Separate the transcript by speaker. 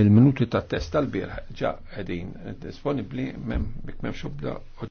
Speaker 1: il-minuti ta' test tal-birħ ġa għedin disponibli mem bik memxubda